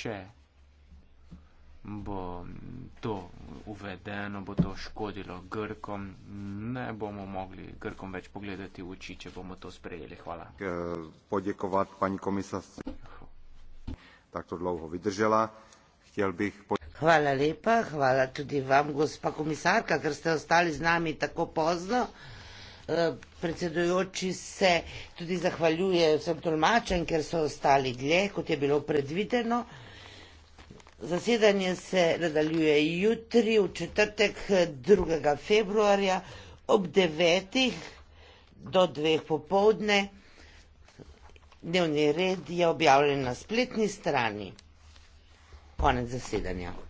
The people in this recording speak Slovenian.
če bo to uvedeno, bo to škodilo Grkom, ne bomo mogli Grkom več pogledati v oči, če bomo to sprejeli. Hvala. Podjekovati pani komisarci. Tako dlouho vydržela. Htjel bih Hvala lepa, hvala tudi vam, gospa komisarka, ker ste ostali z nami tako pozno. Eh, predsedujoči se tudi zahvaljuje vsem tolmačem, ker so ostali dlje, kot je bilo predvideno. Zasedanje se nadaljuje jutri, v četrtek 2. februarja ob 9. do 2. popovdne. Dnevni red je objavljen na spletni strani. Konec zasedanja.